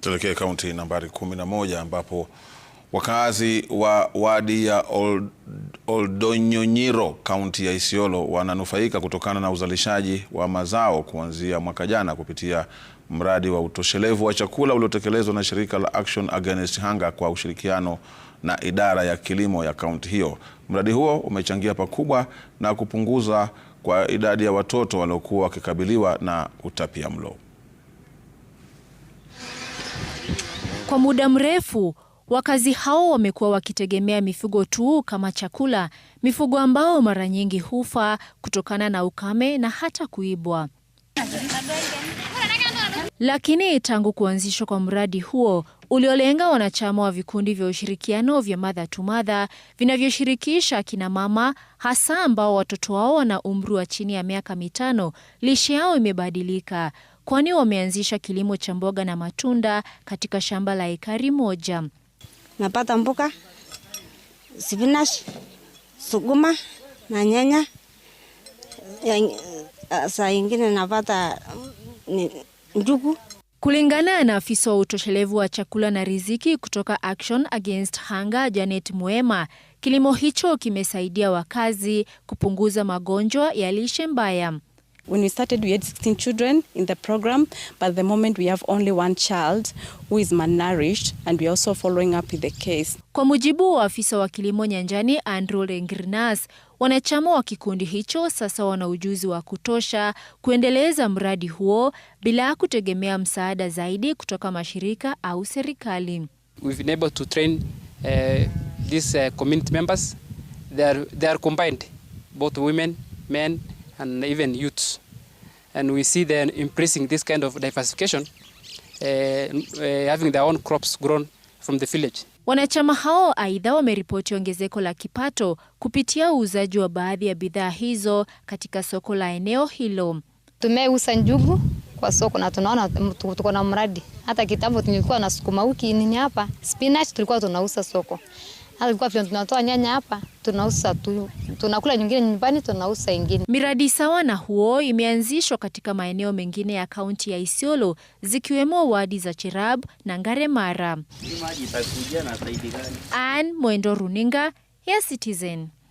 Tuelekee kaunti nambari 11 ambapo wakazi wa wadi ya Old, Oldonyonyiro kaunti ya Isiolo wananufaika kutokana na uzalishaji wa mazao kuanzia mwaka jana kupitia mradi wa utoshelevu wa chakula uliotekelezwa na shirika la Action Against Hunger kwa ushirikiano na idara ya kilimo ya kaunti hiyo. Mradi huo umechangia pakubwa na kupunguza kwa idadi ya watoto waliokuwa wakikabiliwa na utapiamlo. Kwa muda mrefu wakazi hao wamekuwa wakitegemea mifugo tu kama chakula, mifugo ambao mara nyingi hufa kutokana na ukame na hata kuibwa. Lakini tangu kuanzishwa kwa mradi huo uliolenga wanachama wa vikundi vya ushirikiano vya Mother to Mother vinavyoshirikisha kina mama hasa ambao watoto wao wana umri wa chini ya miaka mitano. Lishe yao imebadilika, kwani wameanzisha kilimo cha mboga na matunda katika shamba la ekari moja. Napata mboga, spinach, suguma na nyanya, eh, saa ingine napata njugu Kulingana na afisa wa utoshelevu wa chakula na riziki kutoka Action Against Hunger, Janet mwema kilimo hicho kimesaidia wakazi kupunguza magonjwa ya lishe mbaya. When we started, we had 16 children in the program, but at the moment we have only one child who is malnourished and we are also following up with the case. Kwa mujibu wa afisa wa kilimo nyanjani Andrew Lengrinas, wanachama wa kikundi hicho sasa wana ujuzi wa kutosha kuendeleza mradi huo bila kutegemea msaada zaidi kutoka mashirika au serikali. We've been able to train uh, these uh, community members. They are, they are combined, both women, men and even youths. And we see them embracing this kind of diversification, uh, uh, having their own crops grown from the village. Wanachama hao aidha wameripoti ongezeko la kipato kupitia uuzaji wa baadhi ya bidhaa hizo katika soko la eneo hilo. Tumeuza njugu kwa soko na tunaona tuko na mradi. Hata kitambo tulikuwa na sukuma wiki nini hapa, spinach tulikuwa tunauza soko alikuwa vile tunatoa nyanya hapa tunauza tu, tunakula nyingine nyumbani, tunauza ingine. Miradi sawa na huo imeanzishwa katika maeneo mengine ya kaunti ya Isiolo zikiwemo wadi za Chirab na Ngaremara. Ann Mwendo, runinga ya Citizen.